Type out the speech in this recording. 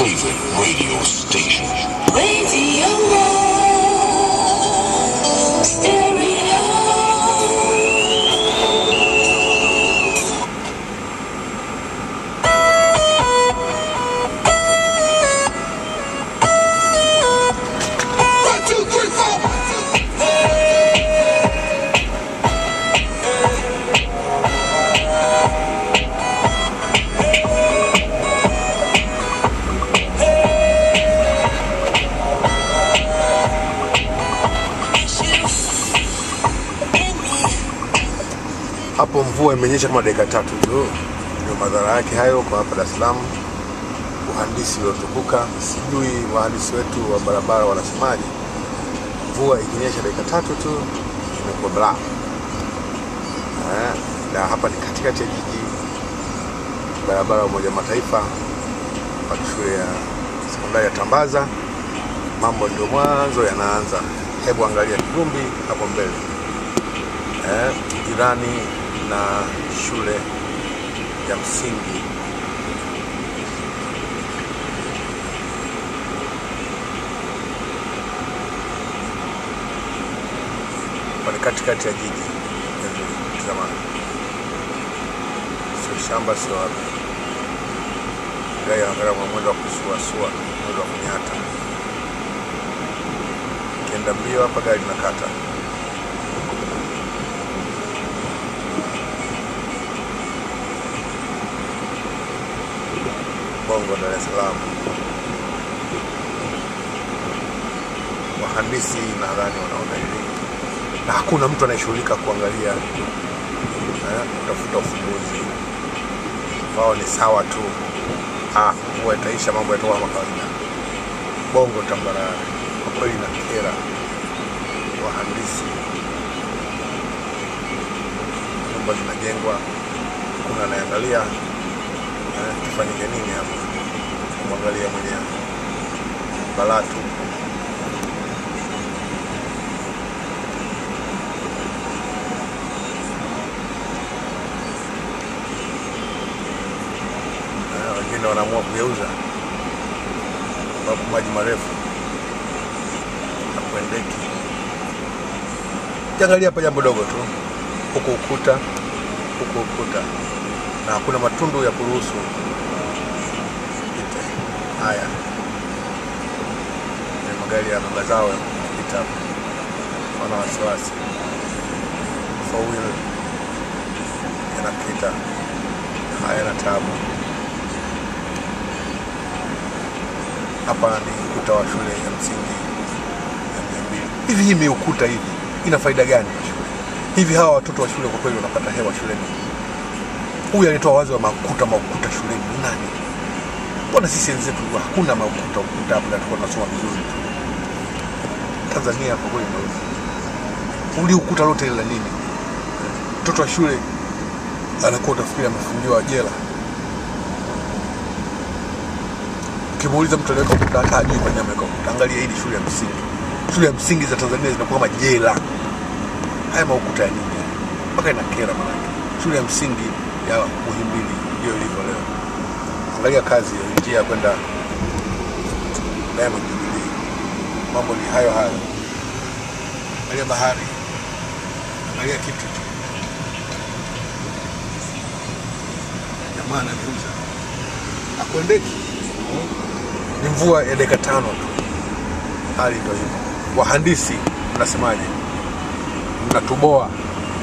favorite radio station. hapo mvua imenyesha kama dakika tatu tu, ndio madhara yake hayo kwa hapa Dar es Salaam. Uhandisi uliotukuka, sijui wahandisi wetu wa barabara wanasemaje. Mvua ikinyesha dakika tatu tu imekuwa bla eh, na hapa ni katikati ya jiji, barabara ya Umoja Mataifa shule ya sekondari ya Tambaza. Mambo ndio mwanzo yanaanza. Hebu angalia vumbi hapo mbele eh, jirani na shule ya msingi pale katikati ya jiji zamani, sio shamba, sio wapi. Gari anaangalia kwa mwendo wa kusuasua, mwendo wa kunyata. Ukienda mbio hapa, gari linakata. Kongo, Dar es Salaam. Wahandisi nadhani wanaona hivi, na hakuna mtu anayeshughulika kuangalia eh, kutafuta ufumbuzi ambao ni sawa tu. Ah, mvua itaisha, mambo yatakuwa kama kawaida. Bongo tambarare kwa kweli, na kera wahandisi, nyumba zinajengwa, hakuna anayeangalia eh, tufanyike nini hapa? kumwangalia mwenyewe balatu eh, wengine wanaamua kugeuza sababu maji marefu akuendeki Kiangalia hapa jambo dogo tu, huku ukuta huku ukuta, na hakuna matundu ya kuruhusu haya magari ya baba zao yanapita, wana wasiwasi fawil yanapita haya na tabu. Hapa ni ukuta wa shule ya msingi Hivi hii miukuta hivi ina faida gani kwa shule? Hivi hawa watoto wa shule kwa kweli wanapata hewa shuleni? Huyu alitoa wazo wa makuta maukuta shuleni nani? Mbona sisi wenzetu hakuna maukuta ukuta hapo na tulikuwa tunasoma vizuri tu. Tanzania kwa kweli ndio. Uli ukuta lote la nini? Mtoto wa shule anakuwa utafikiri amefungiwa jela. kimuuliza mtu anaweka ukuta hata ajui kwa nini ameweka ukuta. Angalia hii shule ya msingi. Shule ya msingi za Tanzania zinakuwa kama jela. Haya maukuta ya nini? Mpaka inakera maana. Shule ya msingi ya Muhimbili ndio ilivyo leo kuangalia kazi njia ya kwenda Diamond Jubilee, mambo ni hayo hayo. Angalia bahari, angalia kitu tu, jamaa anaviuza akuendeki, ni mvua ya dakika tano tu. Hali ndio hivyo. Wahandisi mnasemaje? Mnatuboa